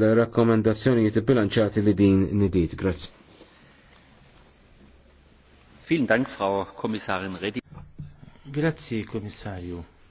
l-rakkomendazzjonijiet bilanċati li din nidit. Grazzi. Vielen Dank, Frau Kommissarin Reding. Grazie, Kommissarju.